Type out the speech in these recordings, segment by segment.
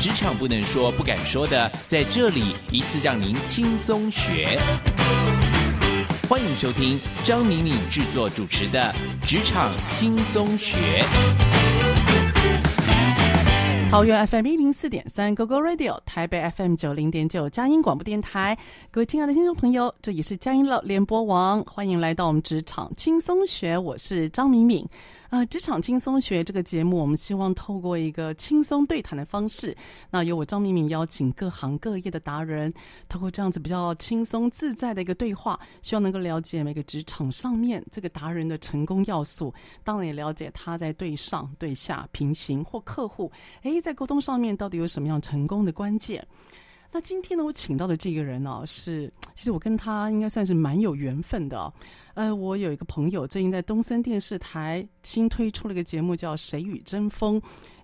職場不能說、不敢說的，在這裡一次讓您輕鬆學。歡迎收聽張敏敏製作主持的《職場輕鬆學》。桃園 FM 一零四點三 GoGo Radio，台北 FM 九零點九，佳音廣播電台。各位親愛的聽眾朋友，這裡是佳音樂聯播網，歡迎來到我們《職場輕鬆學》，我是張敏敏。啊、呃，職場輕鬆學這個節目，我們希望透過一個輕鬆對談的方式，那由我張敏敏邀請各行各業的達人，透過這樣子比較輕鬆自在的一個對話，希望能夠了解每個職場上面這個達人的成功要素，當然也了解他在對上、對下、平行或客戶，哎，在溝通上面到底有什麼樣成功的關鍵。那今天呢，我請到的這個人呢、啊，是其實我跟他應該算是蠻有緣分的、啊。呃，我有一個朋友，最近在東森電視台新推出了一個節目，叫《誰語爭鋒》。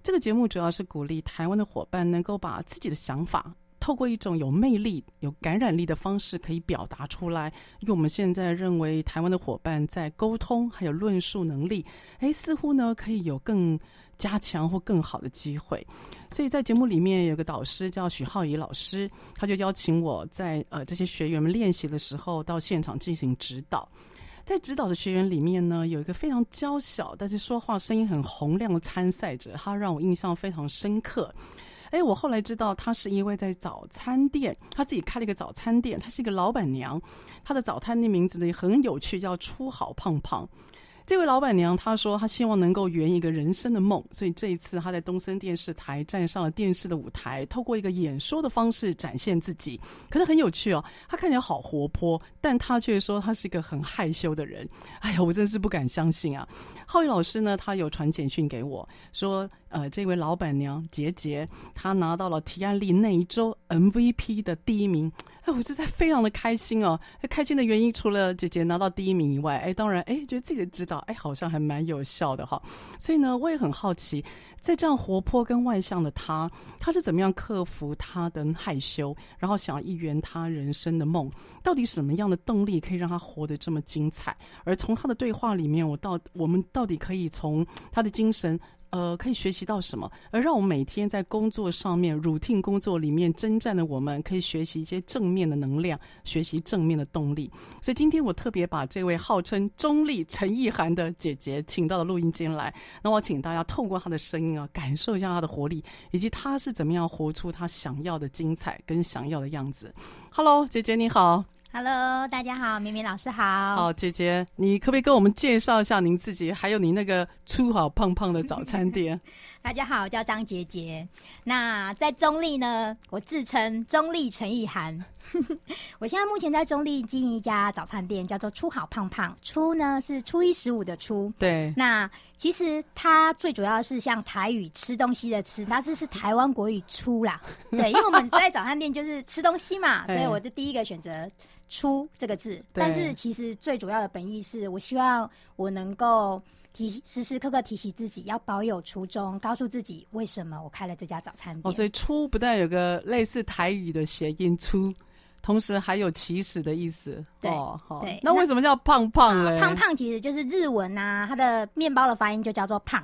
這個節目主要是鼓勵台灣的夥伴能夠把自己的想法，透過一種有魅力、有感染力的方式可以表達出來。因為我們現在認為台灣的夥伴在溝通還有論述能力，哎，似乎呢可以有更加強或更好的機會，所以在節目裡面有個導師叫許浩怡老師，他就邀請我在呃這些學員們練習的時候到現場進行指導。在指導的學員裡面呢，有一個非常嬌小但是說話聲音很洪亮的參賽者，他讓我印象非常深刻。誒、哎，我後來知道他是一位在早餐店，他自己開了一個早餐店，他是一個老板娘，他的早餐店名字呢很有趣，叫“初好胖胖”。這位老闆娘她說，她希望能夠圓一個人生的夢，所以這一次她在東森電視台站上了電視的舞台，透過一個演說的方式展現自己。可是很有趣哦，她看起來好活潑，但她卻說她是一個很害羞的人。哎呀，我真是不敢相信啊！浩宇老師呢，他有傳簡訊給我說，呃，這位老闆娘婕婕，她拿到了提案力那一周 MVP 的第一名。哎，我實在非常的開心哦！開心的原因，除了姐姐拿到第一名以外，哎，當然，哎，覺得自己的指導，哎，好像還蠻有效的哈。所以呢，我也很好奇，在這樣活潑跟外向的他，他是怎麼樣克服他的害羞，然後想要一圓他人生的夢？到底什麼樣的動力可以讓他活得這麼精彩？而從他的對話裡面，我到我們到底可以從他的精神。呃，可以學習到什麼？而讓我們每天在工作上面，routine 工作裡面征戰的，我們可以學習一些正面的能量，學習正面的動力。所以今天我特別把這位號稱中壢陳意涵的姐姐請到了錄音間來。那我請大家透過她的聲音啊，感受一下她的活力，以及她是怎麼樣活出她想要的精彩跟想要的樣子。Hello，姐姐你好。Hello，大家好，Mini 老師好。好，婕婕，你可不可以跟我們介紹一下您自己，還有你那個初好胖胖的早餐店？ 大家好，我叫張婕婕。那在中壢呢，我自稱中壢陳意涵呵呵。我現在目前在中壢經營一家早餐店，叫做“初好胖胖”。初呢是初一十五的初。對。那其實它最主要是像台語吃東西的吃，但是是台灣國語出啦。對，因為我們在早餐店就是吃東西嘛， 所以我就第一個選擇“初”這個字，欸。但是其實最主要的本意是我希望我能夠。提時時刻刻提醒自己要保有初衷，告訴自己為什麼我開了這家早餐店。哦，所以初不但有個類似台語的諧音“初”，同時還有起始的意思。對，哦、對。那為什麼叫胖胖呢？啊，胖胖其實就是日文吶、啊，它的麵包的發音就叫做胖。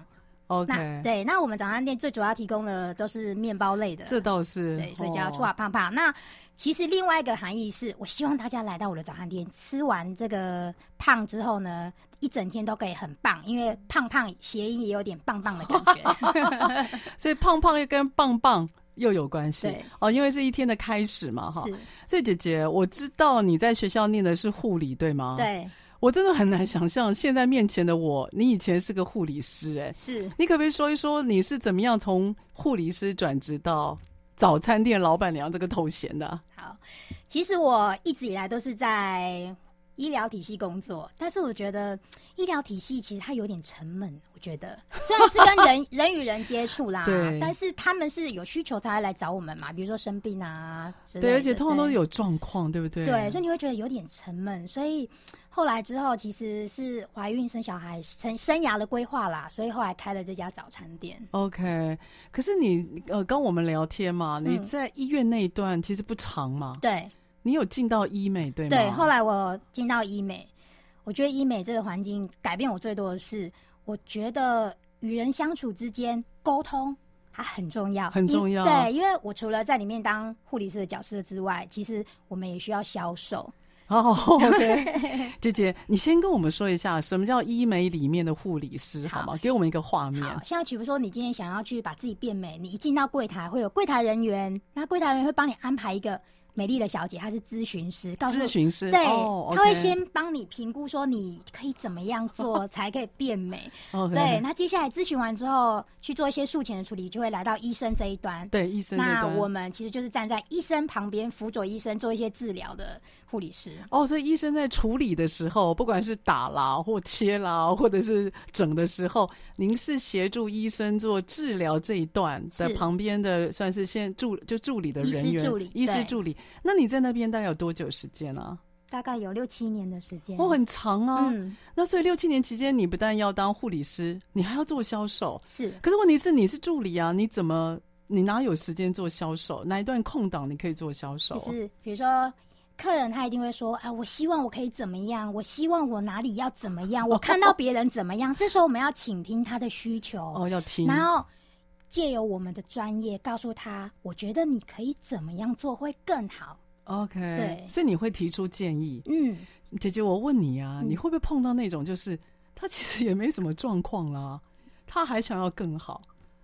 Okay, 那對，那我們早餐店最主要提供的都是麵包類的，這倒是。對，所以叫初好胖胖。哦、那其實另外一個含義是，我希望大家來到我的早餐店吃完這個胖之後呢，一整天都可以很棒，因為胖胖諧音也有點棒棒的感覺。 所以胖胖又跟棒棒又有關係。對。哦，因為是一天的開始嘛，哈。所以婕婕，我知道你在學校念的是護理，對嗎？對。我真的很難想象現在面前的我，你以前是個護理師。欸，哎，是，你可不可以說一說你是怎麼樣從護理師轉職到早餐店老板娘這個頭銜的、啊？好，其實我一直以來都是在醫療體系工作，但是我覺得醫療體系其實它有點沉悶。我覺得雖然是跟人 人與人接觸啦，對，但是他們是有需求才來找我們嘛，比如說生病啊，對，而且通常都是有狀況，對不對？對，所以你會覺得有點沉悶，所以。後來之後其實是懷孕生小孩生，生生涯的規劃啦，所以後來開了這家早餐店。OK，可是你呃跟我們聊天嘛、嗯，你在醫院那一段其實不長嘛。對，你有進到醫美對嗎？對，後來我進到醫美，我覺得醫美這個環境改變我最多的是，我覺得與人相處之間溝通還很重要，很重要。對，因為我除了在裡面當護理師的角色之外，其實我們也需要銷售。哦、oh,，OK， 姐姐，你先跟我們說一下什麼叫醫美裡面的護理師 好，好嗎？給我們一個畫面。像，比如說你今天想要去把自己變美，你一進到櫃檯會有櫃檯人員，那櫃檯人員會幫你安排一個美麗的小姐，她是諮詢師，告訴，諮詢師對，她、oh, okay. 會先幫你評估說你可以怎麼樣做才可以變美。Oh, okay. 對，那接下來諮詢完之後去做一些術前的處理，就會來到醫生這一端。對，醫生這一端。那我們其實就是站在醫生旁邊，輔佐醫生做一些治療的，護理師哦，所以醫生在處理的時候，不管是打啦或切啦，或者是整的時候，您是協助醫生做治療這一段的旁邊的，算是先助就助理的人員。醫師助理，醫師助理。那你在那邊大概有多久時間啊？大概有六七年的時間。哦，很長啊。嗯。那所以六七年期間，你不但要當護理師，你還要做銷售。是。可是問題是你是助理啊，你怎麼你哪有時間做銷售？哪一段空檔你可以做銷售？就是比如說。客人他一定會說：“啊，我希望我可以怎麼樣？我希望我哪裡要怎麼樣？哦、我看到別人怎麼樣、哦？這時候我們要傾聽他的需求哦，要聽，然後借由我們的專業告訴他，我覺得你可以怎麼樣做會更好。OK，對，所以你會提出建議。嗯，姐姐，我問你啊，你會不會碰到那種就是、嗯、他其實也沒什麼狀況啦，他還想要更好？”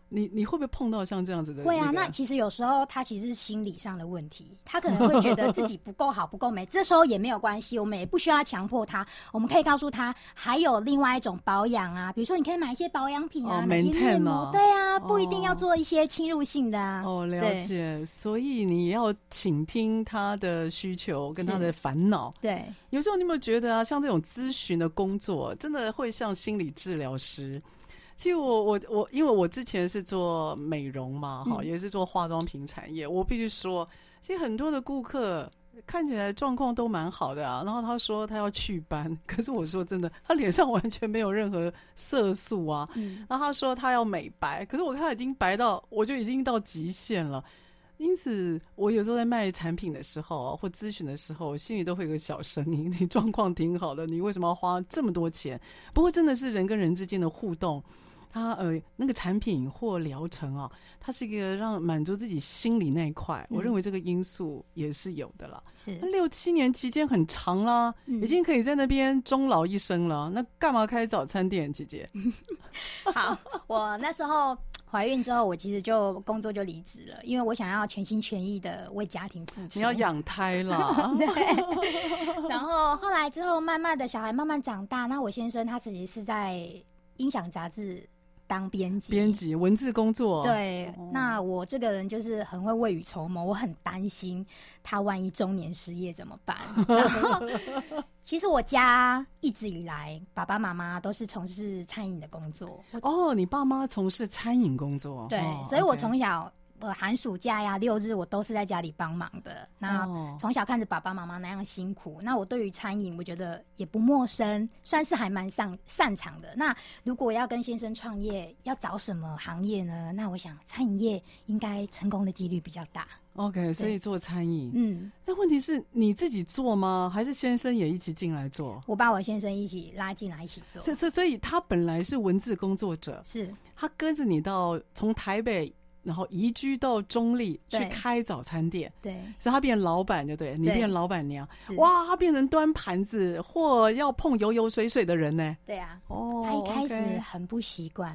你你會不會碰到像這樣子的、那個？會啊，那其實有時候他其實是心理上的問題，他可能會覺得自己不夠好、 不夠美。這時候也沒有關係，我們也不需要強迫他。我們可以告訴他，還有另外一種保養啊，比如說你可以買一些保養品啊，每天面膜、哦。對啊、哦，不一定要做一些侵入性的、啊。哦，了解。所以你要傾聽他的需求跟他的煩惱。對。有時候你有沒有覺得啊，像這種諮詢的工作，真的會像心理治療師。其實我我我，因為我之前是做美容嘛，哈、嗯，也是做化妝品產業。我必須說，其實很多的顧客看起來狀況都蠻好的啊。然後他說他要祛斑，可是我說真的，他臉上完全沒有任何色素啊。嗯、然後他說他要美白，可是我看他已經白到我就已經到極限了。因此，我有時候在賣產品的時候、啊、或諮詢的時候，我心裡都會有個小聲音：你，你狀況挺好的，你為什麼要花這麼多錢？不過，真的是人跟人之間的互動。他、啊、呃，那個產品或療程啊，它是一個讓滿足自己心理那一塊、嗯。我認為這個因素也是有的了。是六七年期間很長啦、嗯，已經可以在那邊終老一生了。嗯、那幹嘛開早餐店，姐姐？好，我那時候懷孕之後，我其實就工作就離職了， 因為我想要全心全意的為家庭付出。你要養胎了。 對，然後後來之後，慢慢的小孩慢慢長大，那我先生他其實是在音響雜誌。當編輯，編輯文字工作、哦。對，那我這個人就是很會未雨綢繆，我很擔心他萬一中年失業怎麼辦。 然後，其實我家一直以來，爸爸媽媽都是從事餐飲的工作。哦、oh,，你爸媽從事餐飲工作，對，oh, okay. 所以我從小。呃，寒暑假呀，六日我都是在家裡幫忙的。那從小看着爸爸媽媽那樣辛苦，那我對於餐飲我覺得也不陌生，算是還蠻擅擅長的。那如果要跟先生創業，要找什麼行業呢？那我想餐飲業應該成功的幾率比較大。OK，所以做餐飲，嗯，那問題是你自己做嗎？還是先生也一起進來做？我把我先生一起拉進來一起做。所以所以，他本來是文字工作者，是他跟着你到從台北。然後移居到中壢去開早餐店，對，對，所以他變成老闆就對，你變成老闆娘。哇，他變成端盤子或要碰油油水水的人呢？對啊，oh, okay. 他一開始很不習慣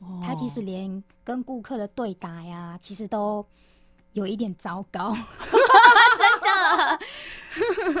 ，oh. 他其實連跟顧客的對答呀，其實都有一點糟糕， 真的。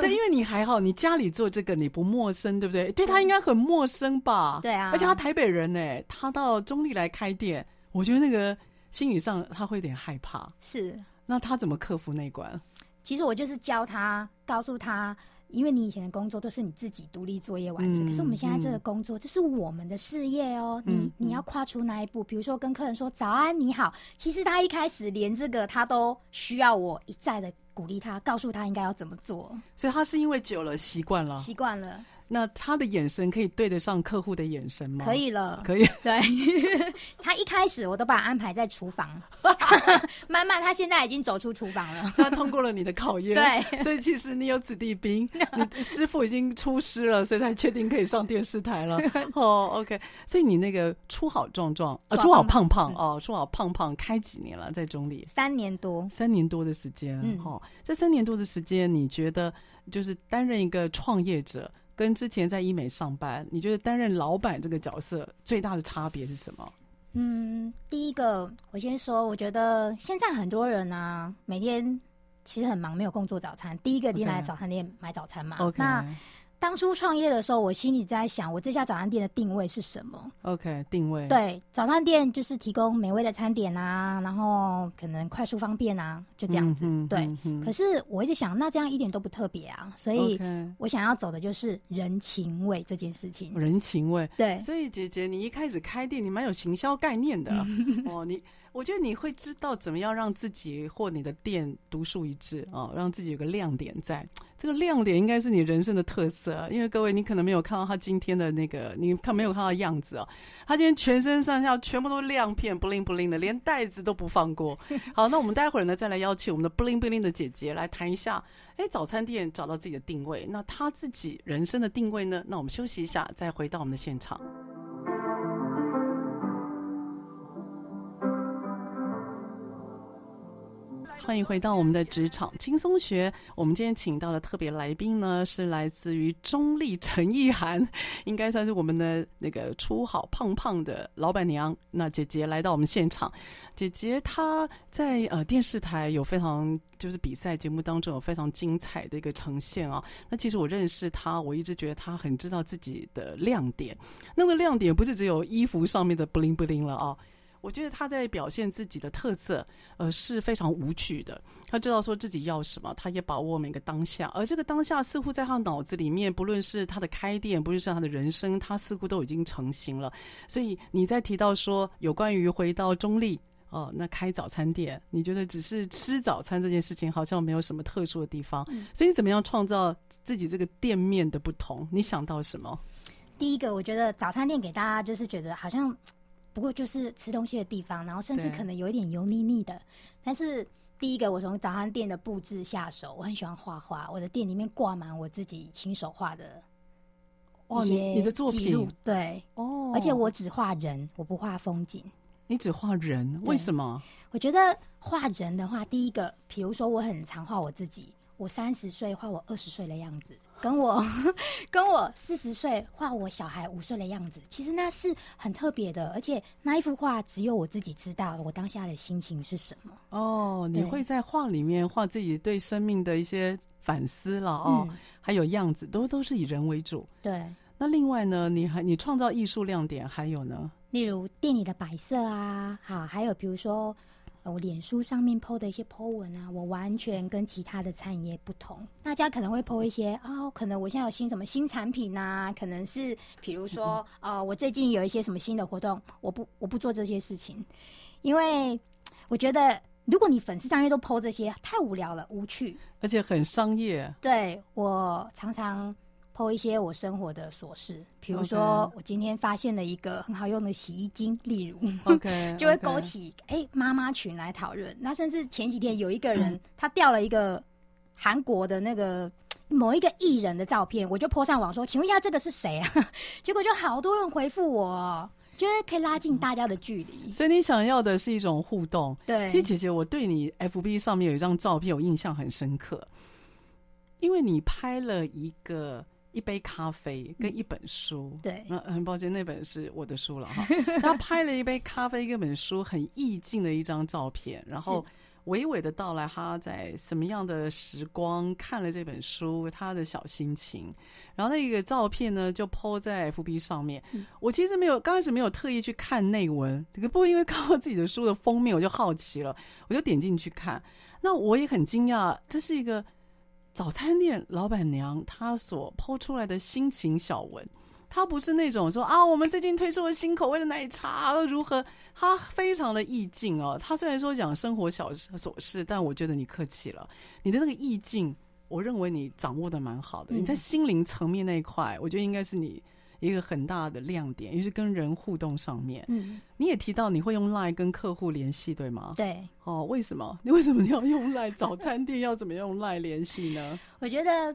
對，因為你還好，你家裡做這個你不陌生，對不對？對，對他應該很陌生吧？對啊，而且他台北人呢，他到中壢來開店，我覺得那個。心理上他會有點害怕，是。那他怎麼克服那一關？其實我就是教他，告訴他，因為你以前的工作都是你自己獨立作業完成，嗯，可是我們現在這個工作，嗯、這是我們的事業哦、喔嗯，你你要跨出那一步，嗯。比如說跟客人說早安你好，其實他一開始連這個他都需要我一再的鼓勵他，告訴他應該要怎麼做。所以他是因為久了習慣了，習慣了。那他的眼神可以對得上客戶的眼神嗎？可以了，可以。對 他一開始我都把他安排在廚房， 慢慢他現在已經走出廚房了。所以他通過了你的考驗， 對。所以其實你有子弟兵，你師傅已經出師了，所以他確定可以上電視台了。哦、 oh,，OK。所以你那個初好壯壯啊，初好胖胖,好胖,胖、嗯、哦，初好胖胖開幾年了在中壢？三年多，三年多的時間。哈、嗯，oh, 這三年多的時間，你覺得就是擔任一個創業者？跟之前在醫美上班，你覺得擔任老闆這個角色最大的差別是什麼？嗯，第一個我先說，我覺得現在很多人呢、啊，每天其實很忙，沒有空做早餐，第一個你來早餐店、Okay. 買早餐嘛。Okay. 那當初創業的時候，我心裡在想，我這家早餐店的定位是什麼？OK，定位。對，早餐店就是提供美味的餐點啊，然後可能快速方便啊，就這樣子。嗯、對、嗯，可是我一直想，那這樣一點都不特別啊，所以我想要走的就是人情味這件事情。Okay, 人情味。對，所以姐姐，你一開始開店，你蠻有行銷概念的 哦。你，我覺得你會知道怎麼樣讓自己或你的店獨樹一幟啊、哦，讓自己有個亮點在。這個亮點應該是你人生的特色啊，因為各位你可能沒有看到他今天的那個，你看沒有看到的樣子啊，他今天全身上下全部都是亮片，布靈布靈的，連袋子都不放過。 好，那我們待會兒呢再來邀請我們的布靈布靈的姐姐來談一下，誒，早餐店找到自己的定位，那他自己人生的定位呢？那我們休息一下，再回到我們的現場。歡迎回到我們的職場輕鬆學。我們今天請到的特別來賓呢，是來自於中壢陳意涵，應該算是我們的那個初好胖胖的老闆娘。那婕婕來到我們現場，婕婕她在呃電視台有非常就是比賽節目當中有非常精彩的一個呈現啊。那其實我認識她，我一直覺得她很知道自己的亮點。那個亮點不是只有衣服上面的布靈布靈了啊。我覺得他在表現自己的特色，呃，是非常無趣的。他知道說自己要什麼，他也把握每個當下。而這個當下似乎在他腦子裡面，不論是他的開店，不論是他的人生，他似乎都已經成型了。所以你在提到說有關於回到中壢，哦、呃，那開早餐店，你覺得只是吃早餐這件事情好像沒有什麼特殊的地方、嗯。所以你怎麼樣創造自己這個店面的不同？你想到什麼？第一個，我覺得早餐店給大家就是覺得好像。不過就是吃東西的地方，然後甚至可能有一點油膩膩的。但是第一個，我從早餐店的布置下手，我很喜歡畫畫，我的店裡面掛滿我自己親手畫的一些記錄。哇、哦，你的作品，對哦，而且我只畫人，我不畫風景。你只畫人，為什麼？我覺得畫人的話，第一個，比如說我很常畫我自己，我三十歲畫我二十歲的樣子。跟我 跟我四十歲畫我小孩五歲的樣子，其實那是很特別的，而且那一幅畫只有我自己知道我當下的心情是什麼。哦，你會在畫裡面畫自己對生命的一些反思了哦、嗯，還有樣子都都是以人為主。對，那另外呢，你還你創造藝術亮點還有呢？例如店裡的擺設啊，好，還有比如說。我臉書上面 PO 的一些 PO 文啊，我完全跟其他的餐飲業不同。大家可能會 PO 一些啊、哦，可能我現在有新什麼新產品啊，可能是比如說呃、哦，我最近有一些什麼新的活動，我不我不做這些事情，因為我覺得如果你粉絲上面都 PO 這些，太無聊了，無趣，而且很商業。對，我常常，偷一些我生活的瑣事，比如說我今天發現了一個很好用的洗衣巾，okay. 例如，okay. 就會勾起哎媽媽群來討論。那甚至前幾天有一個人、嗯、他掉了一個韓國的那個某一個藝人的照片，我就 PO 上網說：“請問一下，這個是誰啊？” 結果就好多人回復我，覺、就、得、是、可以拉近大家的距離、嗯。所以你想要的是一種互動，對。其實姐姐，我對你 F B 上面有一張照片，我印象很深刻，因為你拍了一個。一杯咖啡跟一本書，嗯、對，那、啊、很抱歉，那本是我的書了哈。他拍了一杯咖啡跟一本書，很意境的一張照片。 然後娓娓的道來，他在什麼樣的時光看了這本書，他的小心情。然後那個照片呢，就 po 在 FB 上面、嗯。我其實沒有剛開始沒有特意去看內文，不過因為看到自己的書的封面，我就好奇了，我就點進去看。那我也很驚訝，這是一個。早餐店老闆娘她所拋出來的心情小文，她不是那種說啊，我們最近推出了新口味的奶茶如何？她非常的意境哦、啊。她雖然說講生活小事瑣事，但我覺得你客氣了。你的那個意境，我認為你掌握的蠻好的、嗯。你在心靈層面那一塊，我覺得應該是你。一個很大的亮點，也就是跟人互動上面。嗯，你也提到你會用賴跟客戶聯繫，對嗎？對。哦，為什麼？你為什麼你要用賴？早餐店 要怎麼用賴聯繫呢？我覺得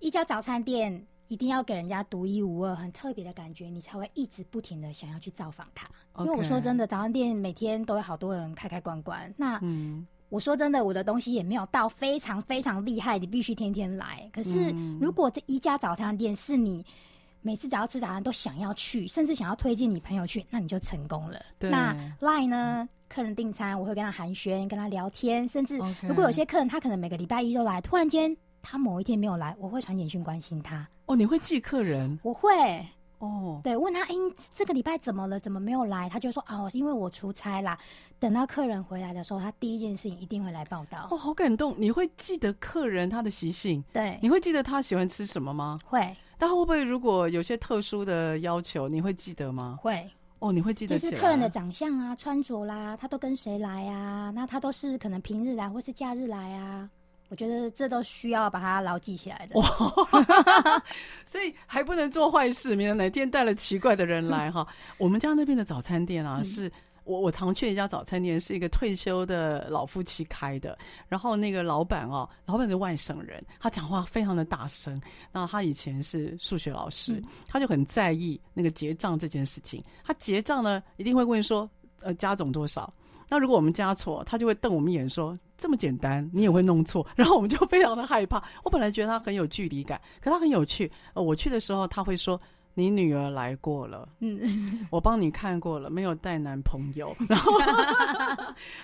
一家早餐店一定要給人家獨一無二、很特別的感覺，你才會一直不停的想要去造訪它。Okay。因為我說真的，早餐店每天都有好多人開開關關。那，嗯，我說真的，我的東西也沒有到非常非常厲害，你必須天天來。可是，如果這一家早餐店是你。每次只要吃早餐都想要去，甚至想要推薦你朋友去，那你就成功了。對，那 Line 呢、嗯？客人訂餐，我會跟他寒暄，跟他聊天，甚至如果有些客人、okay. 他可能每個禮拜一都來，突然間他某一天沒有來，我會傳簡訊關心他。哦、oh,，你會記客人？我會哦，oh. 對，問他哎，欸、這個禮拜怎麼了？怎麼沒有來？他就說哦、啊，因為我出差啦。等到客人回來的時候，他第一件事情一定會來報到。哦、oh,，好感動！你會記得客人他的習性？對，你會記得他喜歡吃什麼嗎？會。但會不會如果有些特殊的要求，你會記得嗎？會哦，oh, 你會記得起來？就是客人的長相啊、穿着啦，他都跟誰來啊？那他都是可能平日來或是假日來啊？我覺得這都需要把它牢記起來的。哦、 所以還不能做壞事，免得哪天帶了奇怪的人來哈、 哦。我們家那邊的早餐店啊、嗯、是。我我常去一家早餐店，是一個退休的老夫妻開的。然後那個老闆哦，老闆是外省人，他講話非常的大聲。那他以前是數學老師，嗯。他就很在意那個結賬這件事情。他結賬呢，一定會問說：“呃，加總多少？”那如果我們加錯，他就會瞪我們一眼說：“這麼簡單，你也會弄錯？”然後我們就非常的害怕。我本來覺得他很有距離感，可他很有趣。呃，我去的時候，他會說。你女兒來過了，嗯，我幫你看過了，沒有帶男朋友。 然後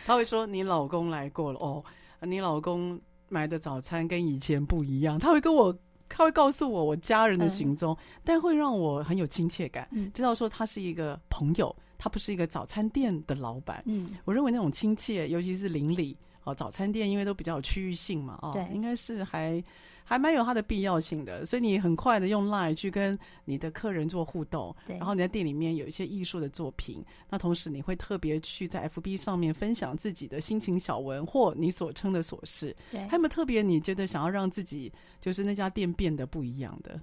他會說，你老公來過了，哦，你老公買的早餐跟以前不一樣。他會跟我，他會告訴我我家人的行蹤，嗯，但會讓我很有親切感，嗯，知道說他是一個朋友，他不是一個早餐店的老板。嗯，我認為那種親切，尤其是鄰里。哦，早餐店因為都比較有區域性嘛，哦，對，應該是還還蠻有它的必要性的。所以你很快的用 Line 去跟你的客人做互動，對，然後你在店裡面有一些藝術的作品，那同時你會特別去在 FB 上面分享自己的心情小文或你所稱的瑣事，對。還有沒有特別你覺得想要讓自己就是那家店變得不一樣的？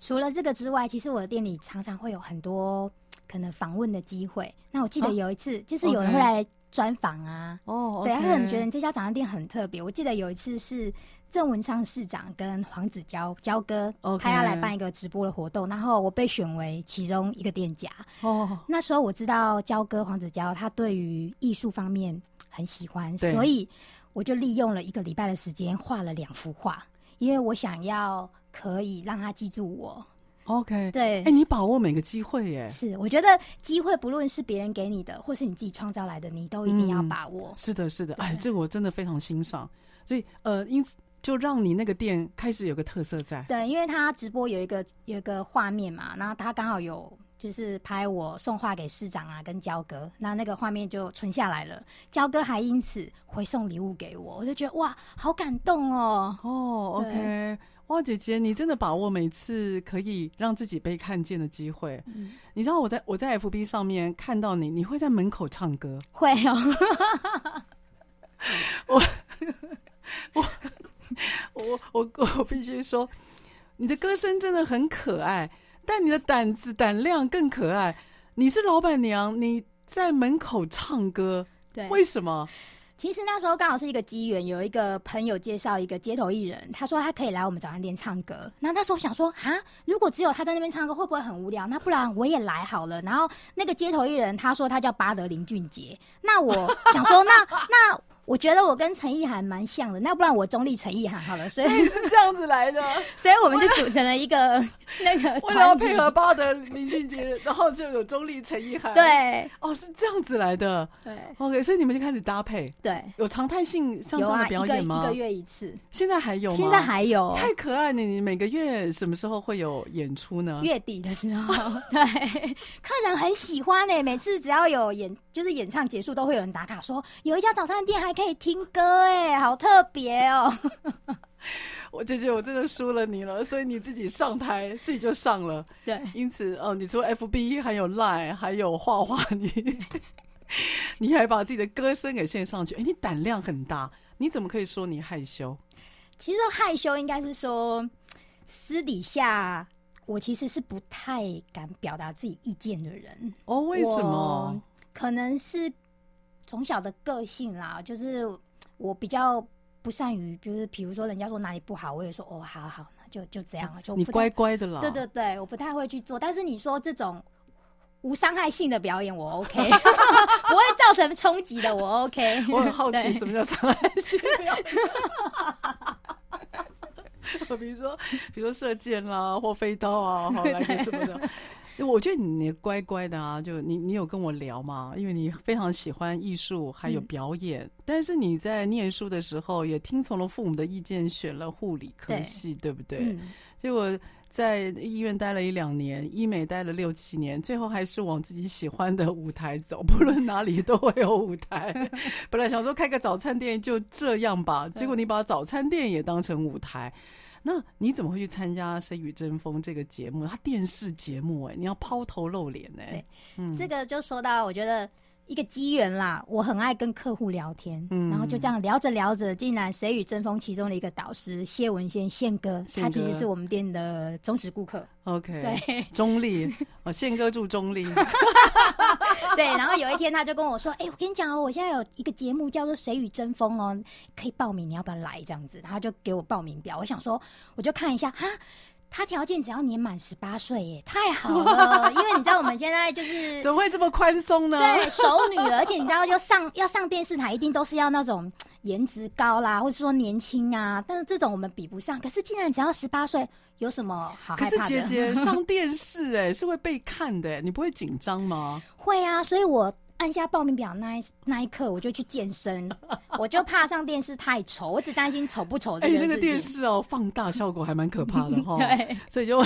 除了這個之外，其實我的店裡常常會有很多。可能訪問的機會。那我記得有一次，哦、就是有人會來專訪啊，okay. 對，他可能覺得你這家早餐店很特別。我記得有一次是鄭文昌市長跟黃子佼佼哥，okay. 他要來辦一個直播的活動，然後我被選為其中一個店家。Oh. 那時候我知道佼哥黃子佼他對於藝術方面很喜歡，所以我就利用了一個禮拜的時間畫了兩幅畫，因為我想要可以讓他記住我。OK，對，哎、欸，你把握每個機會，耶。是，我覺得機會不論是別人給你的，或是你自己創造來的，你都一定要把握。嗯，是的是的，是的，哎，這個我真的非常欣賞，所以呃，因此就讓你那個店開始有個特色在。對，因為他直播有一個有一個畫面嘛，然後他剛好有就是拍我送畫給市長啊，跟焦哥，那那個畫面就存下來了。焦哥還因此回送禮物給我，我就覺得哇，好感動哦。哦，OK。哇，姐姐，你真的把握每次可以讓自己被看見的機會。嗯。你知道我在我在 FB 上面看到你，你會在門口唱歌？會哦。 我我我我我必須說，你的歌聲真的很可愛，但你的膽子膽量更可愛。你是老闆娘，你在門口唱歌，對，為什麼？其實那時候剛好是一個機緣，有一個朋友介紹一個街頭藝人，他說他可以來我們早餐店唱歌。那那時候想說蛤，如果只有他在那邊唱歌，會不會很無聊？那不然我也來好了。然後那個街頭藝人他說他叫八德林俊杰，那我想說那那。那我覺得我跟陳意涵蠻像的，那不然我中壢陳意涵好了所。所以是這樣子來的， 所以我們就組成了一個那個。為了要配合爸的林俊杰，然後就有中壢陳意涵。對，哦，是這樣子來的。對，OK，所以你們就開始搭配。對，有常態性像這樣的表演嗎、啊一？一個月一次。現在還有嗎？現在還有，太可愛了！你每個月什麼時候會有演出呢？月底的時候。對， 客人很喜歡呢、欸，每次只要有演，就是演唱結束，都會有人打卡說有一家早餐店還。可以聽歌哎、欸，好特別哦、喔！ 我姐姐，我真的輸了你了，所以你自己上台， 自己就上了。對，因此哦、呃，你說 FB 還有 Line 還有畫畫，你 你還把自己的歌聲給獻上去，哎、欸，你膽量很大，你怎麼可以說你害羞？其實害羞應該是說，私底下我其實是不太敢表達自己意見的人哦。為什麼？可能是。從小的個性啦，就是我比較不善於，就是比如說人家說哪裡不好，我也說哦，好好，就就這樣，嗯、就你乖乖的啦。對對對，我不太會去做。但是你說這種無傷害性的表演，我 OK， 不會造成衝擊的，我 OK。 我很好奇什麼叫傷害性我、啊、 比如說，比如說射箭啦、啊，或飛刀啊，哈，什麼的。 我覺得你乖乖的啊，就你，你有跟我聊嗎？因為你非常喜歡藝術，還有表演，嗯，但是你在唸書的時候也聽從了父母的意見，選了護理科系，對，對不對？嗯。結果在醫院待了一兩年，醫美待了六七年，最後還是往自己喜歡的舞台走。不論哪裡都會有舞台。 本來想說開個早餐店就這樣吧，結果你把早餐店也當成舞台。那你怎麼會去參加《誰語爭鋒》這個節目？它電視節目哎、欸，你要拋頭露臉哎、欸，對、嗯，這個就說到，我覺得。一個機緣啦，我很愛跟客戶聊天、嗯，然後就這樣聊着聊着，竟然《誰語爭鋒》其中的一個導師謝文憲憲哥，哥，他其實是我們店的忠實顧客。OK，對，中壢哦，憲 哥住中壢。 對，然後有一天他就跟我說：“哎、 欸，我跟你講哦、喔，我現在有一個節目叫做《誰語爭鋒》哦，可以報名，你要不要來？這樣子？”然後就給我報名表，我想說，我就看一下哈他條件只要年滿十八歲，耶，太好了！ 因為你知道我們現在就是怎麼會這麼寬鬆呢？對，熟女了，而且你知道，要 上要上電視台，一定都是要那種顏值高啦，或者說年輕啊。但是這種我們比不上。可是，既然，只要十八歲，有什麼好的？可是姐姐上電視，欸，哎， 是會被看的、欸，你不會緊張嗎？會啊，所以我。按下報名表那一那一刻，我就去健身， 我就怕上電視太醜，我只擔心醜不醜。哎、欸，那個電視哦，放大效果還蠻可怕的哈， 所以就，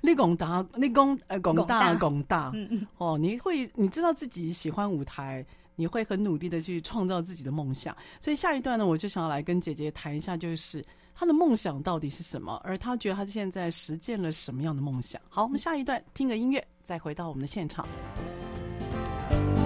立 廣、嗯、大立功，呃廣大廣大，嗯嗯，哦，你會你知道自己喜歡舞台，你會很努力的去創造自己的夢想。所以下一段呢，我就想要來跟婕婕談一下，就是她的夢想到底是什麼，而她覺得她現在實踐了什麼樣的夢想？好，我們下一段聽個音樂，再回到我們的現場。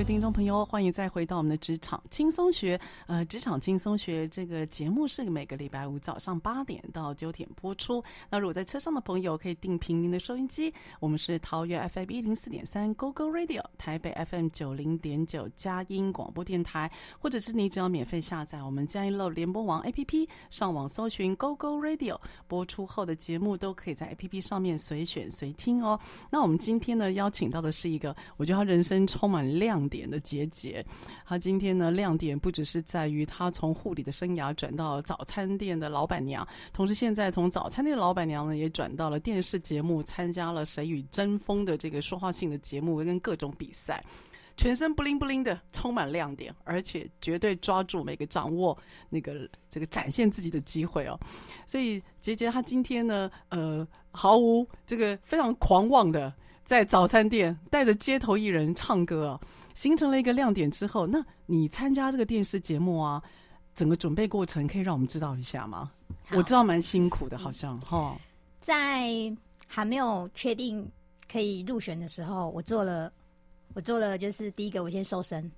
各位聽眾朋友，歡迎再回到我們的職場輕鬆學、呃《職場輕鬆學》。呃，《職場輕鬆學》這個節目是每個禮拜五早上八點到九點播出。那如果在車上的朋友，可以定頻您的收音機。我們是桃園 FM 一零四點三 GoGo Radio，台北 FM 九零點九佳音廣播電臺，或者是你只要免費下載我們佳音樂聯播網 APP，上網搜尋 GoGo Radio 播出後的節目，都可以在 APP 上面隨選隨聽哦。那我們今天呢，邀請到的是一個，我覺得他人生充滿亮。點的婕婕，她今天呢亮點不只是在於她從護理的生涯轉到早餐店的老板娘，同時現在從早餐店的老板娘呢也轉到了電視節目，參加了《誰語爭鋒》的這個說話性的節目跟各種比賽，全身 bling bling 的充滿亮點，而且絕對抓住每個掌握那個這個展現自己的機會哦。所以婕婕她今天呢，呃，毫無這個非常狂妄的在早餐店帶着街頭藝人唱歌形成了一個亮點之後，那你參加這個電視節目啊，整個準備過程可以讓我們知道一下嗎？我知道蠻辛苦的，好像哈，嗯，哦。在還沒有確定可以入選的時候，我做了。我做了，就是第一個我， 我先瘦身。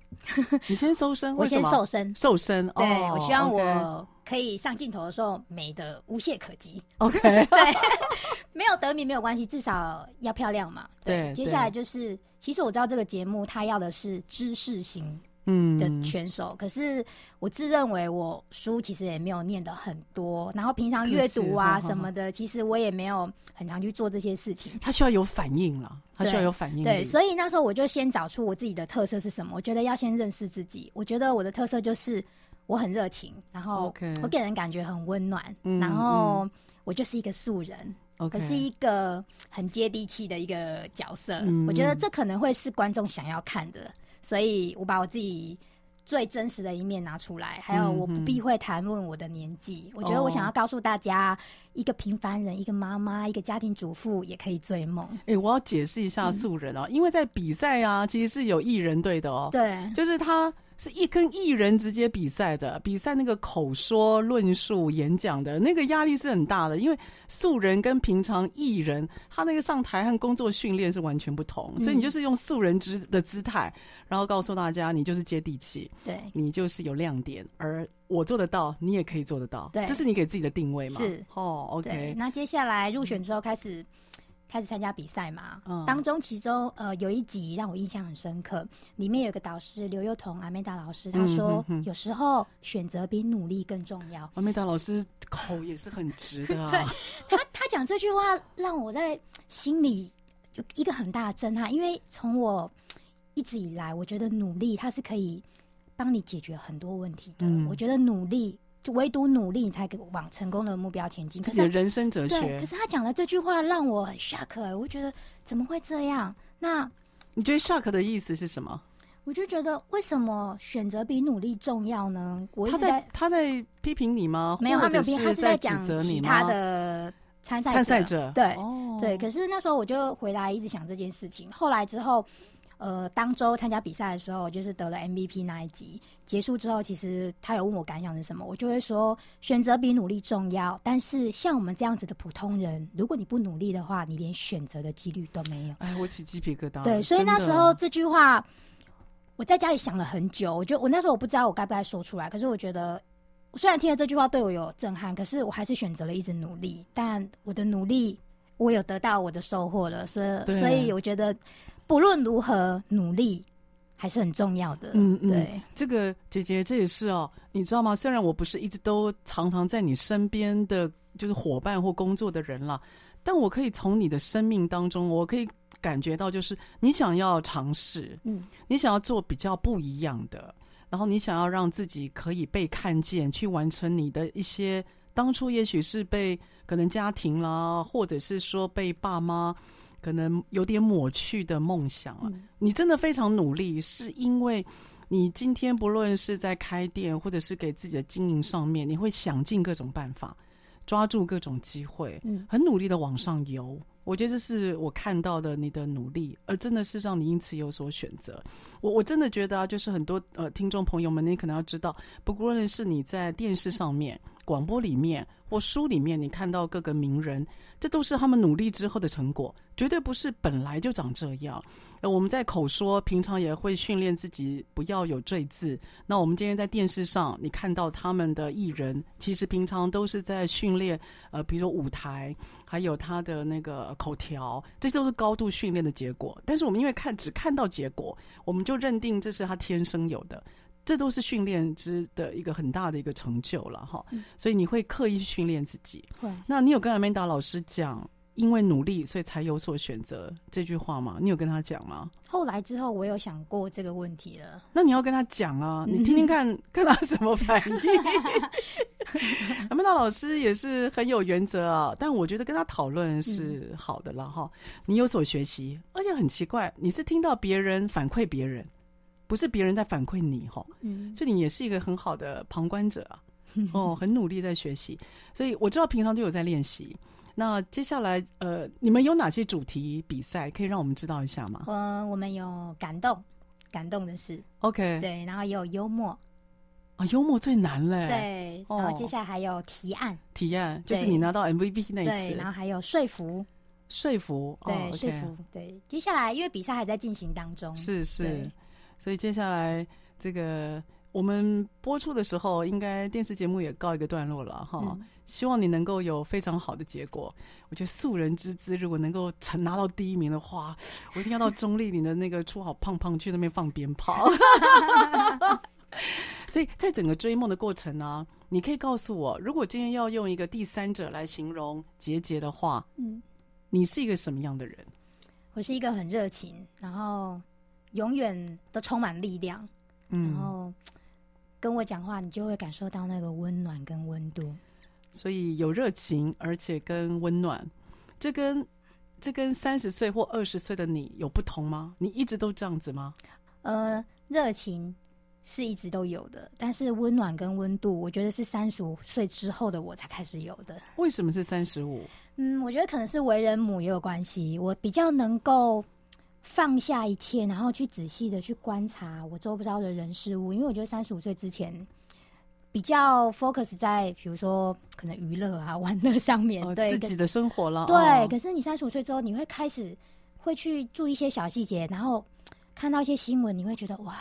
你先瘦身，我先瘦身，瘦身。對、哦，我希望我可以上鏡頭的時候美得無懈可擊，okay。OK， 對，沒有得名沒有關係，至少要漂亮嘛。對對。對，接下來就是，其實我知道這個節目它要的是知識型。嗯嗯的選手，可是我自認為我書其實也沒有念得很多，然後平常閱讀啊什麼的好好，其實我也沒有很常去做這些事情。他需要有反應了，他需要有反應。對。對，所以那時候我就先找出我自己的特色是什麼。我覺得要先認識自己。我覺得我的特色就是我很熱情，然後我給人感覺很溫暖、嗯，然後我就是一個素人，嗯嗯、可是一個很接地氣的一個角色、嗯。我覺得這可能會是觀眾想要看的。所以，我把我自己最真實的一面拿出來，還有我不避諱談論我的年紀、嗯。我覺得我想要告訴大家、哦，一個平凡人，一個媽媽，一個家庭主婦也可以追夢。哎、欸，我要解釋一下素人哦，嗯、因為在比賽啊，其實是有藝人隊的哦。對，就是他。是一跟藝人直接比賽的，比賽那個口說論述演講的那個壓力是很大的，因為素人跟平常藝人，他那個上台和工作訓練是完全不同，嗯、所以你就是用素人之的姿態，然後告訴大家你就是接地氣，對，你就是有亮點，而我做得到，你也可以做得到，對，這是你給自己的定位嘛？是哦，oh, OK。那接下來入選之後開始。開始參加比賽嘛、嗯，當中其中呃有一集讓我印象很深刻，裡面有一個導師劉幼彤阿美達老師，他說、嗯、哼哼，有時候選擇比努力更重要。阿美達老師口也是很直的啊， 他他講這句話讓我在心裡有一個很大的震撼，因為從我一直以來我覺得努力它是可以幫你解決很多問題的，嗯、我覺得努力。就唯獨努力，你才給往成功的目標前進。自己的人生哲學。對，可是他講的這句話，讓我很 shock，欸，我覺得怎麼會這樣？那你覺得 shock 的意思是什麼？我就覺得為什麼選擇比努力重要呢？他在，在他在批評你嗎？沒有，他沒有批評，他是在指責你，他是在講其他的參賽參賽者。對、哦，對。可是那時候我就回來一直想這件事情。後來之後，呃，當周參加比賽的時候，就是得了 MVP 那一集結束之後，其實他有問我感想是什麼，我就會說選擇比努力重要。但是像我們這樣子的普通人，如果你不努力的話，你連選擇的幾率都沒有。哎，我起雞皮疙瘩。對，所以那時候這句話，我在家裡想了很久，我就我那時候我不知道我該不該說出來。可是我覺得，雖然聽了這句話對我有震撼，可是我還是選擇了一直努力。但我的努力，我有得到我的收穫了，所以，所以我覺得。無論如何，努力還是很重要的。嗯，嗯，對，這個姐姐這也是哦，你知道嗎？雖然我不是一直都常常在你身邊的就是夥伴或工作的人啦，但我可以從你的生命當中，我可以感覺到，就是你想要嘗試，嗯，你想要做比較不一樣的，然後你想要讓自己可以被看見，去完成你的一些當初也許是被可能家庭啦，或者是說被爸媽。可能有點抹去的夢想了。你真的非常努力，是因為你今天不論是在開店，或者是給自己的經營上面，你會想盡各種辦法，抓住各種機會，很努力的往上游。我覺得這是我看到的你的努力，而真的是讓你因此有所選擇。我我真的覺得啊，就是很多呃聽眾朋友們，你可能要知道，不論是你在電視上面、廣播裡面或書裡面，你看到各個名人，這都是他們努力之後的成果，絕對不是本來就長這樣。呃，我們在口說，平常也會訓練自己不要有贅字。那我們今天在電視上，你看到他們的藝人，其實平常都是在訓練，呃，比如說舞台。還有他的那個口條，這些都是高度訓練的結果。但是我們因為看只看到結果，我們就認定這是他天生有的，這都是訓練之的一個很大的一個成就了哈、嗯。所以你會刻意訓練自己。嗯、那你有跟阿曼達老師講？因為努力，所以才有所選擇。這句話嘛，你有跟他講嗎？後來之後，我有想過這個問題了。那你要跟他講啊！你聽聽看， 看他什麼反應。 阿曼達老師也是很有原則啊，但我覺得跟他討論是好的啦，哈、嗯哦！你有所學習，而且很奇怪，你是聽到別人反饋別人，不是別人在反饋你，哈、哦。嗯，所以你也是一個很好的旁觀者啊。哦，很努力在學習，所以我知道平常都有在練習。那接下來，呃，你們有哪些主題比賽可以讓我們知道一下嗎？呃，我們有感動，感動的事。OK。對，然後也有幽默。啊，幽默最難嘞。對，然後接下來還有提案。哦，提案就是你拿到 MVP 那一次對。對，然後還有說服。說服。對，哦 okay、說服。對，接下來因為比賽還在進行當中。是是，所以接下來這個。我們播出的時候，應該電視節目也告一個段落了哈、嗯。希望你能夠有非常好的結果。我覺得素人之姿，如果能夠成拿到第一名的話，我一定要到中壢你的那個初好胖胖去那邊放鞭炮。 所以在整個追夢的過程呢、啊，你可以告訴我，如果今天要用一個第三者來形容婕婕的話、嗯，你是一個什麼樣的人？我是一個很熱情，然後永遠都充滿力量，嗯、然後。跟我講話，你就會感受到那個溫暖跟溫度，所以有熱情，而且跟溫暖，這跟這跟三十歲或二十歲的你有不同嗎？你一直都這樣子嗎？呃，熱情是一直都有的，但是溫暖跟溫度，我覺得是三十五歲之後的我才開始有的。為什麼是三十五？嗯，我覺得可能是為人母也有關係，我比較能夠。放下一切，然後去仔細的去觀察我周遭的人事物，因為我覺得三十五歲之前比較 focus 在，比如說可能娛樂啊、玩樂上面、哦對，自己的生活了。對，哦、可是你三十五歲之後，你會開始會去注意一些小細節，然後看到一些新聞，你會覺得哇，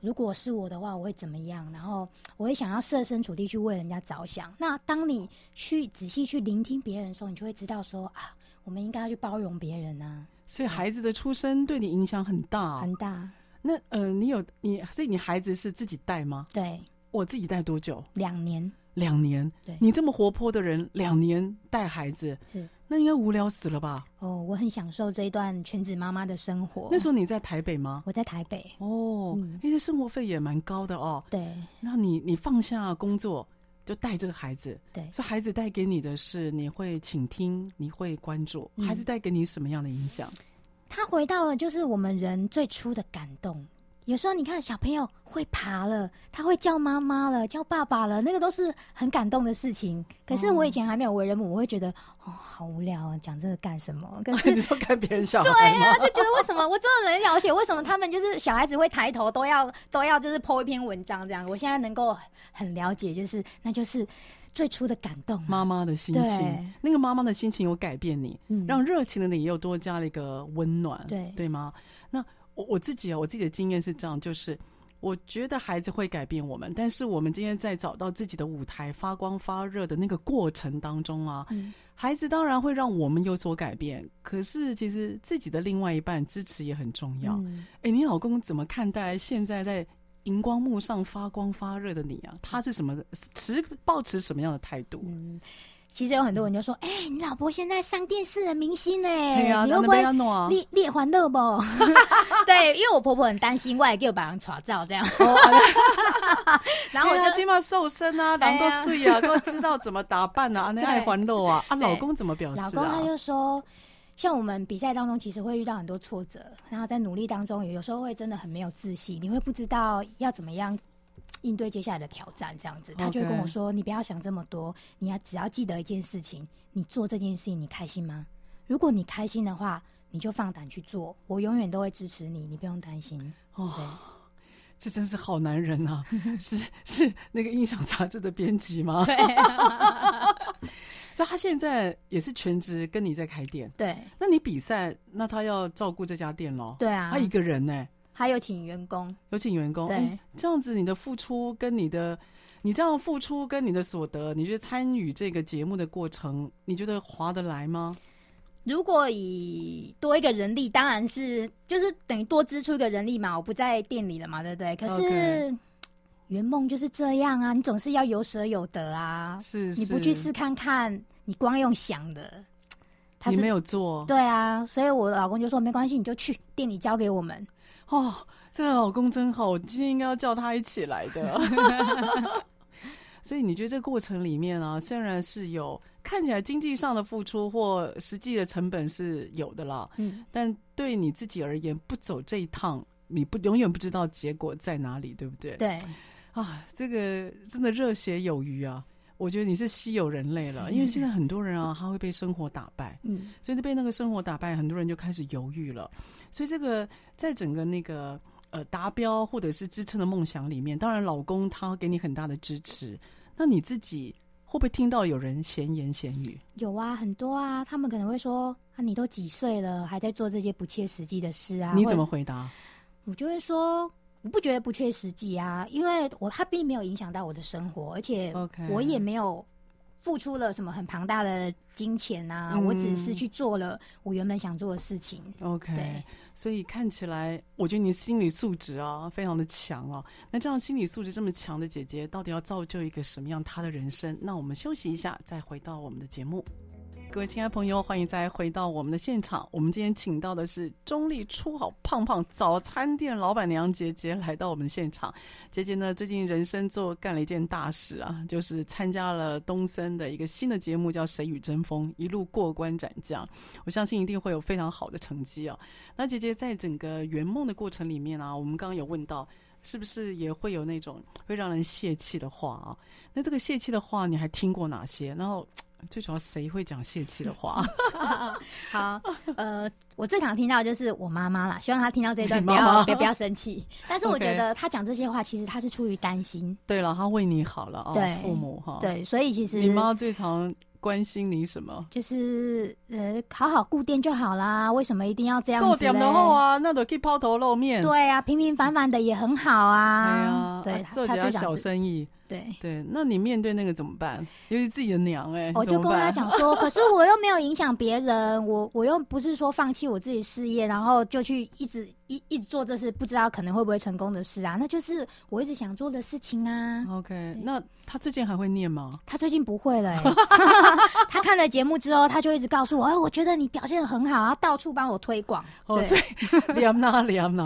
如果是我的話，我會怎麼樣？然後我會想要設身處地去為人家着想。那當你去仔細去聆聽別人的時候，你就會知道說啊，我們應該要去包容別人呢、啊。所以孩子的出生對你影響很大啊，很大。那呃，你有你，所以你孩子是自己帶嗎？對，我自己帶多久？兩年，兩年。對，你這麼活潑的人，兩年帶孩子，嗯、是。那應該無聊死了吧？哦，我很享受這一段全職媽媽的生活。那時候你在台北嗎？我在台北。哦，那、嗯、些生活費也蠻高的哦。對，那你你放下工作。就帶這個孩子，對，孩子帶給你的是你會傾聽，你會關注，孩子帶給你什麼樣的影響？嗯，他回到了，就是我們人最初的感動。有時候你看小朋友會爬了，他會叫媽媽了，叫爸爸了，那個都是很感動的事情。可是我以前還沒有為人母，我會覺得哦，好無聊啊，講這個幹什麼？跟、啊、你說看別人小孩，對呀、啊，就覺得為什麼我真的能了解為什麼他們就是小孩子會抬頭都要 都要就是 PO 一篇文章這樣。我現在能夠很了解，就是那就是最初的感動、啊，媽媽的心情。那個媽媽的心情有改變你，嗯、讓熱情的你又多加了一個溫暖，對，對嗎？那。我我自己啊，我自己的經驗是這樣，就是我覺得孩子會改變我們，但是我們今天在找到自己的舞台、發光發熱的那個過程當中啊、嗯，孩子當然會讓我們有所改變。可是其實自己的另外一半支持也很重要。哎、嗯欸，你老公怎麼看待現在在熒光幕上發光發熱的你啊？他是什麼持抱持什麼樣的態度？嗯其實有很多人就說：“哎、欸，你老婆現在上電視的明星呢、啊？你會，不會還弄、啊、你列歡樂不？” 對，因為我婆婆很擔心，萬一給我把人查到這樣。 然後我就經常瘦身啊，然後都瘦啊，都知道怎麼打扮啊，那 那歡樂啊。啊，老公怎麼表示、啊？老公他就說，像我們比賽當中，其實會遇到很多挫折，然後在努力當中，有時候會真的很沒有自信，你會不知道要怎麼樣。應對接下來的挑戰，這樣子，他就跟我說：“ okay. 你不要想這麼多，你要只要記得一件事情，你做這件事情，你開心嗎？如果你開心的話，你就放膽去做，我永遠都會支持你，你不用擔心。哦”哦，這真是好男人吶、啊！ 是是那個音響雜誌的編輯嗎？對啊、 所以，他現在也是全職跟你在開店。對，那你比賽，那他要照顧這家店嘍？對啊，他一個人呢、欸。還有，請員工。有請員工。對，這樣子你的付出跟你的，你這樣付出跟你的所得，你覺得參與這個節目的過程，你覺得划得來嗎？如果以多一個人力，當然是就是等於多支出一個人力嘛，我不在店裡了嘛，對不對？可是 okay. 圓夢就是這樣啊，你總是要有捨有得啊。是，是，你不去試看看，你光用想的，你沒有做。對啊，所以我老公就說沒關係，你就去店裡交給我們。哦，這個老公真好，我今天應該要叫他一起來的。 所以你覺得這個過程裡面啊，雖然是有看起來經濟上的付出或實際的成本是有的了，嗯，但對你自己而言，不走這一趟，你不永遠不知道結果在哪裡，對不對？對。啊，這個真的熱血有餘啊！我覺得你是稀有人類了，嗯，因為現在很多人啊，他會被生活打敗，嗯，所以就被那個生活打敗，很多人就開始猶豫了。所以這個在整個那個呃達標或者是支撐的夢想裡面，當然老公他給你很大的支持，那你自己會不會聽到有人閒言閒語？有啊，很多啊，他們可能會說啊，你都幾歲了，還在做這些不切實際的事啊？你怎麼回答？我就會說，我不覺得不切實際啊，因為我它並沒有影響到我的生活，而且我也沒有、okay。付出了什麼很龐大的金錢啊、嗯！我只是去做了我原本想做的事情。OK，所以看起來，我覺得你心理素質啊非常的強啊。那這樣心理素質這麼強的姐姐，到底要造就一個什麼樣她的人生？那我們休息一下，再回到我們的節目。各位親愛朋友，歡迎再回到我們的現場。我們今天請到的是中壢初好胖胖早餐店老闆娘婕婕來到我們現場。婕婕呢，最近人生做幹了一件大事啊，就是參加了東森的一個新的節目，叫《誰語爭鋒》，一路過關斬將，我相信一定會有非常好的成績啊。那婕婕在整個圓夢的過程裡面啊，我們剛剛有問到，是不是也會有那種會讓人洩氣的話啊？那這個洩氣的話，你還聽過哪些？然後？最主要誰會講洩氣的話 好， 呃，我最常聽到的就是我媽媽啦，希望她聽到這一段媽媽不別不要生氣。但是我覺得她講這些話，其實她是出於擔心。Okay, 對了，她為你好了、啊、對父母哈。對，所以其實你媽最常關心你什麼？就是呃，好好固定就好啦。為什麼一定要這樣子？做？點的話啊，那都可以拋頭露面。對啊，平平凡凡的也很好啊。哎、對啊，做幾個小生意。對對，那你面對那個怎麼辦？尤其自己的娘哎、欸，我就跟他講說， 可是我又沒有影響別人，我我又不是說放棄我自己事業，然後就去一直一一直做這事，不知道可能會不會成功的事啊，那就是我一直想做的事情啊。OK，那他最近還會念嗎？他最近不會了哎、欸， 他看了節目之後，他就一直告訴我，哎，我覺得你表現很好，然後到處幫我推廣、哦。對，娘吶，娘吶，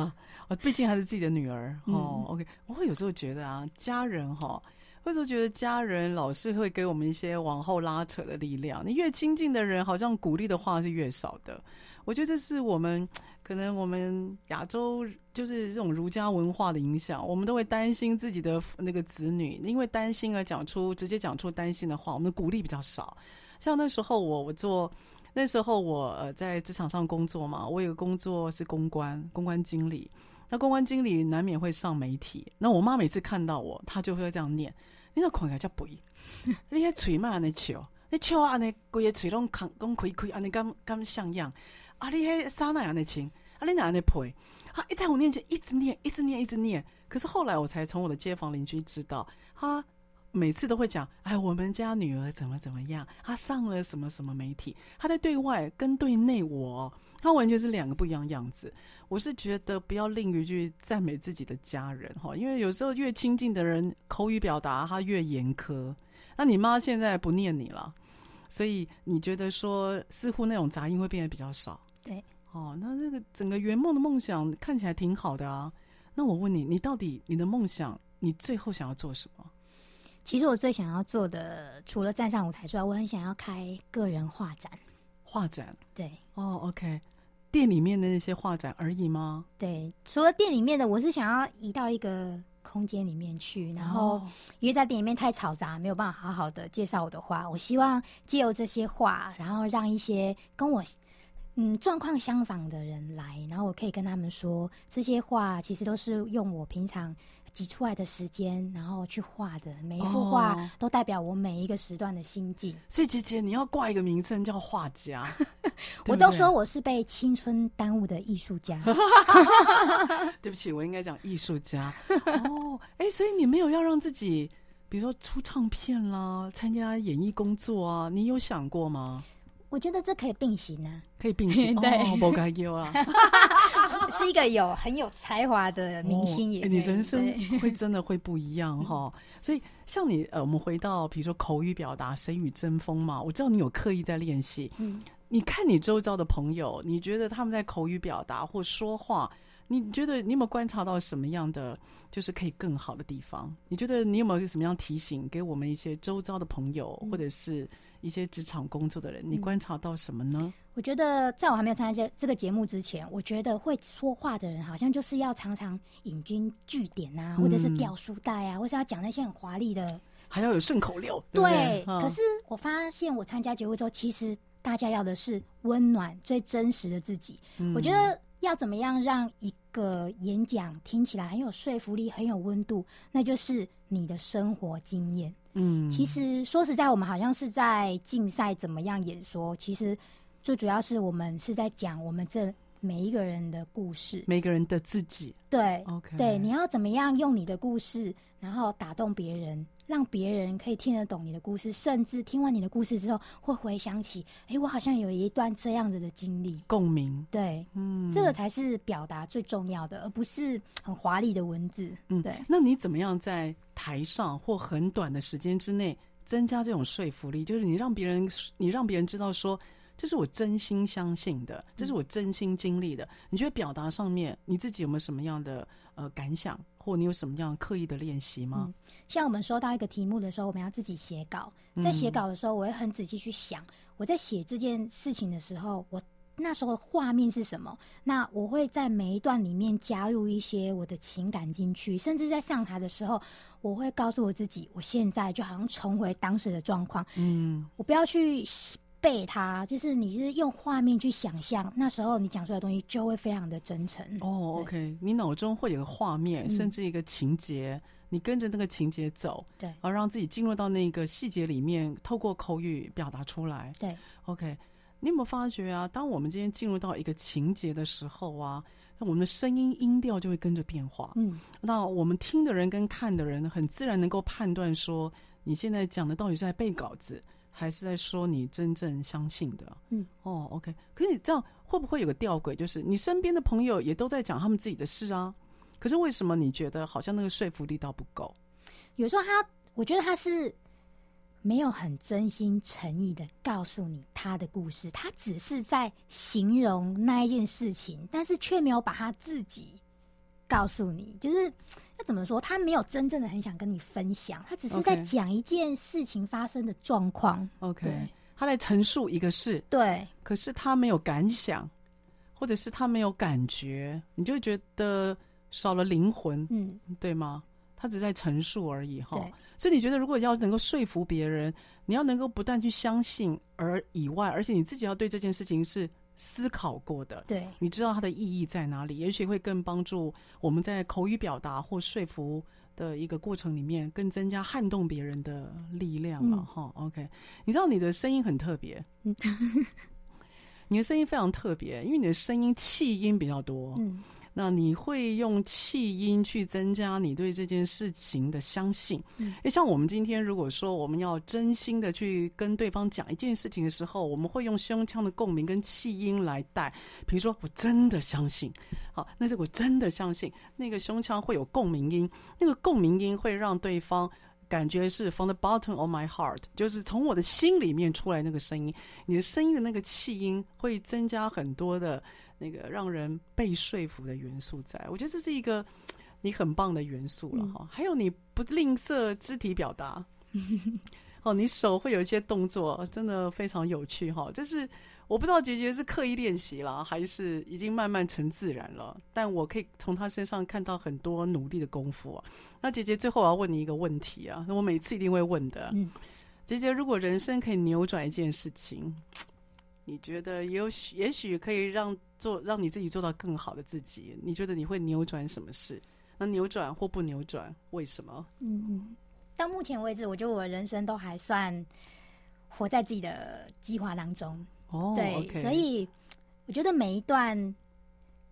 我畢、 哦、竟還是自己的女兒哦。嗯、OK，我會有時候覺得啊，家人哈。為什麼覺得家人老是會給我們一些往後拉扯的力量？你越親近的人，好像鼓勵的話是越少的。我覺得這是我們可能我們亞洲就是這種儒家文化的影響，我們都會擔心自己的那個子女，因為擔心而講出直接講出擔心的話，我們的鼓勵比較少。像那時候我我做那時候我呃在職場上工作嘛，我有個工作是公關，公關經理。那公關經理難免會上媒體。那我媽每次看到我，她就會這樣念。你那看起來真肥， 你那嘴嘛安尼笑，你笑安尼，規個嘴攏空攏開開，安尼甘甘，甘像樣。啊，你那沙奈安尼穿，啊你那安尼配，他一在我面前一直念，一直念，一直念。可是後來我才從我的街坊鄰居知道，他每次都會講：哎，我們家女兒怎麼怎麼樣？她上了什麼什麼媒體？她在對外跟對內，我。他完全是兩個不一樣樣子。我是覺得不要吝於去讚美自己的家人哈，因為有時候越親近的人，口語表達他越嚴苛。那你媽現在不念你了，所以你覺得說似乎那種雜音會變得比較少。對，哦，那這個整個圓夢的夢想看起來挺好的啊。那我問你，你到底你的夢想，你最後想要做什麼？其實我最想要做的，除了站上舞台之外，我很想要開個人畫展。畫展？對。哦、oh，OK，店裡面的那些畫展而已嗎？對，除了店裡面的，我是想要移到一個空間裡面去，然後、oh. 因為在店裡面太嘈雜，沒有辦法好好的介紹我的畫。我希望借由這些畫，然後讓一些跟我嗯狀況相仿的人來，然後我可以跟他們說，這些畫其實都是用我平常。擠出來的時間，然後去畫的，每一幅畫都代表我每一個時段的心境。哦，所以，姐姐，你要掛一個名稱叫畫家 對對，我都說我是被青春耽誤的藝術家。 對不起，我應該講藝術家。哦，哎，所以你沒有要讓自己，比如說出唱片啦，參加演藝工作啊，你有想過嗎？我覺得這可以並行啊，可以並行，哦、 對，不該叫啊，是一個有很有才華的明星演、哦欸、人生會真的會不一樣哈。 所以像你呃，我們回到比如說口語表達、誰語爭鋒嘛，我知道你有刻意在練習。嗯，你看你周遭的朋友，你覺得他們在口語表達或說話，你覺得你有沒有觀察到什麼樣的就是可以更好的地方？你覺得你有沒有什麼樣提醒給我們一些周遭的朋友、嗯、或者是？一些職場工作的人，你觀察到什麼呢？嗯、我覺得，在我還沒有參加這這個節目之前，我覺得會說話的人好像就是要常常引經據典啊、嗯，或者是吊書袋啊，或者是要講那些很華麗的，還要有順口溜。對，對，對。可是我發現，我參加節目之後，其實大家要的是溫暖、最真實的自己、嗯。我覺得要怎麼樣讓一個演講聽起來很有說服力、很有溫度，那就是你的生活經驗。嗯，其實說實在，我們好像是在競賽怎麼樣演說，其實最主要是我們是在講我們這。每一個人的故事，每個人的自己對，對，OK，對，你要怎麼樣用你的故事，然後打動別人，讓別人可以聽得懂你的故事，甚至聽完你的故事之後，會回想起，哎，我好像有一段這樣子的經歷，共鳴，對，嗯，這個才是表達最重要的，而不是很華麗的文字，嗯，對。那你怎麼樣在台上或很短的時間之內增加這種說服力？就是你讓別人，你讓別人知道說。這是我真心相信的，這是我真心經歷的。你覺得表達上面你自己有沒有什麼樣的呃感想，或你有什麼樣刻意的練習嗎？嗯，像我們收到一個題目的時候，我們要自己寫稿。在寫稿的時候，我會很仔細去想，嗯，我在寫這件事情的時候，我那時候的畫面是什麼？那我會在每一段裡面加入一些我的情感進去，甚至在上台的時候，我會告訴我自己，我現在就好像重回當時的狀況。嗯，我不要去。背它，就是你是用畫面去想象，那時候你講出來的東西就會非常的真誠。哦，oh，OK，你腦中會有個畫面，嗯，甚至一個情節，你跟着那個情節走，對，而讓自己進入到那個細節裡面，透過口語表達出來。對，OK，你有沒有發覺啊？當我們今天進入到一個情節的時候啊，那我們的聲音音調就會跟着變化。嗯，那我們聽的人跟看的人，很自然能夠判斷說，你現在講的到底是在背稿子。嗯還是在說你真正相信的。啊，嗯哦，哦，OK。可是你這樣會不會有個吊詭？就是你身邊的朋友也都在講他們自己的事啊，可是為什麼你覺得好像那個說服力道不夠？有時候他，我覺得他是沒有很真心誠意的告訴你他的故事，他只是在形容那一件事情，但是卻沒有把他自己告訴你，就是。他怎麼說？他沒有真正的很想跟你分享，他只是在講一件事情發生的狀況。OK，, okay. 他來陳述一個事。對，可是他沒有感想，或者是他沒有感覺，你就會覺得少了靈魂，嗯，對嗎？他只在陳述而已哈。所以你覺得，如果要能夠說服別人，你要能夠不斷去相信，而以外，而且你自己要對這件事情是。思考過的，對，你知道它的意義在哪裡？也許會更幫助我們在口語表達或說服的一個過程裡面，更增加撼動別人的力量了哈、嗯。OK，你知道你的聲音很特別， 你的聲音非常特別，因為你的聲音氣音比較多。嗯那你會用氣音去增加你對這件事情的相信，嗯，像我們今天如果說我們要真心的去跟對方講一件事情的時候，我們會用胸腔的共鳴跟氣音來帶。比如說，我真的相信，好，那是我真的相信，那個胸腔會有共鳴音，那個共鳴音會讓對方感覺是 from the bottom of my heart，就是從我的心裡面出來那個聲音。你的聲音的那個氣音會增加很多的。那個讓人被說服的元素在，在我覺得這是一個你很棒的元素了哈、嗯。還有你不吝嗇肢體表達、嗯，哦，你手會有一些動作，真的非常有趣哈、哦。這是我不知道姐姐是刻意練習了，還是已經慢慢成自然了。但我可以從她身上看到很多努力的功夫、啊、那姐姐最後我要問你一個問題啊，我每次一定會問的。嗯、姐姐，如果人生可以扭轉一件事情，你覺得也有也許可以讓？做讓你自己做到更好的自己，你覺得你會扭轉什麼事？那扭轉或不扭轉，為什麼？嗯，到目前為止，我覺得我人生都還算活在自己的計劃當中。哦，對、okay，所以我覺得每一段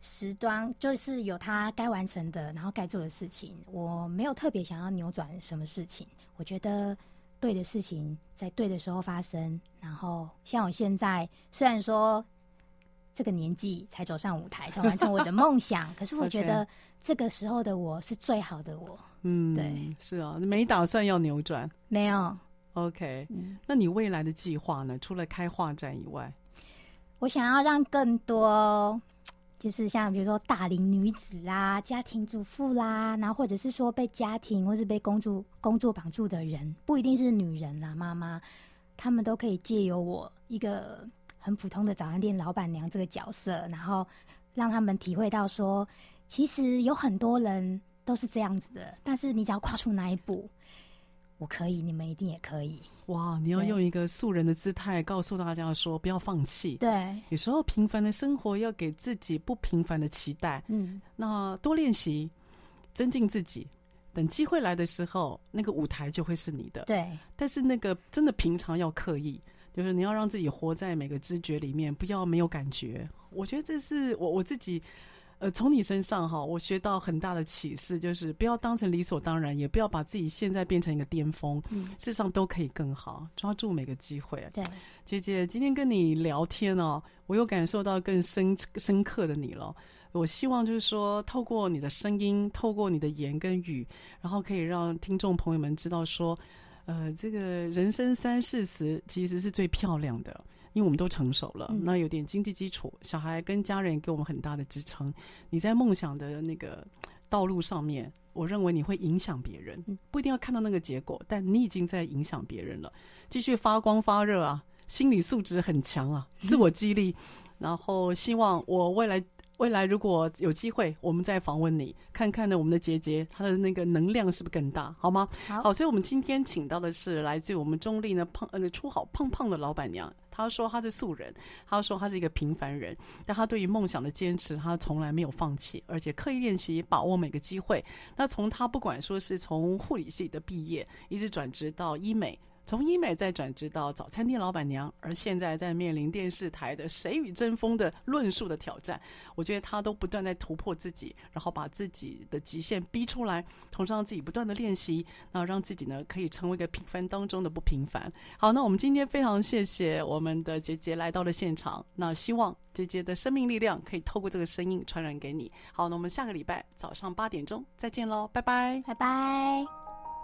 時段就是有它該完成的，然後該做的事情。我沒有特別想要扭轉什麼事情。我覺得對的事情在對的時候發生。然後，像我現在雖然說。這個年紀才走上舞台，才完成我的夢想。 可是我覺得這個時候的我是最好的我。 okay. 嗯，對，是哦，沒打算要扭轉。沒、嗯、有。OK，、嗯、那你未來的計劃呢？除了開畫展以外，我想要讓更多，就是像比如說大齡女子啦、家庭主婦啦，然後或者是說被家庭或是被工作工作綁住的人，不一定是女人啦、媽媽，他們都可以借由我一個。很普通的早餐店老闆娘這個角色，然後讓他們體會到說，其實有很多人都是這樣子的，但是你只要跨出那一步，我可以，你們一定也可以。哇！你要用一個素人的姿態告訴大家說，不要放棄。對，有時候平凡的生活要給自己不平凡的期待。嗯，那多練習，增進自己，等機會來的時候，那個舞台就會是你的。對，但是那個真的平常要刻意。就是你要讓自己活在每個知覺裡面，不要沒有感覺。我覺得這是我我自己，呃，從你身上哈，我學到很大的啟示，就是不要當成理所當然，也不要把自己現在變成一個巔峰。嗯，事實上都可以更好，抓住每個機會。對，姐姐，今天跟你聊天哦，我又感受到更深深刻的你了。我希望就是說，透過你的聲音，透過你的言跟語，然後可以讓聽眾朋友們知道說。呃，這個人生三四十其實是最漂亮的，因為我們都成熟了，嗯、那有點經濟基礎，小孩跟家人也給我們很大的支撐。你在夢想的那個道路上面，我認為你會影響別人，不一定要看到那個結果，但你已經在影響別人了。繼續發光發熱啊，心理素質很強啊，自我激勵、嗯，然後希望我未來。未來如果有機會，我們再訪問你，看看呢我們的婕婕它的那個能量是不是更大，好嗎？好，好所以，我們今天請到的是來自於我們中壢呢胖呃初好胖胖的老闆娘，她說她是素人，她說她是一個平凡人，但她對於夢想的堅持，她從來沒有放棄，而且刻意練習，也把握每個機會。那從她不管說是從護理系的畢業，一直轉職到醫美。從醫美再轉職到早餐店老闆娘，而現在在面臨電視台的“誰語爭鋒”的論述的挑戰，我覺得她都不斷在突破自己，然後把自己的極限逼出來，同時讓自己不斷的練習，那讓自己呢可以成為一個平凡當中的不平凡。好，那我們今天非常謝謝我們的婕婕來到了現場，那希望婕婕的生命力量可以透過這個聲音傳染給你。好，那我們下個禮拜早上八點鐘再見嘍，拜拜，拜拜。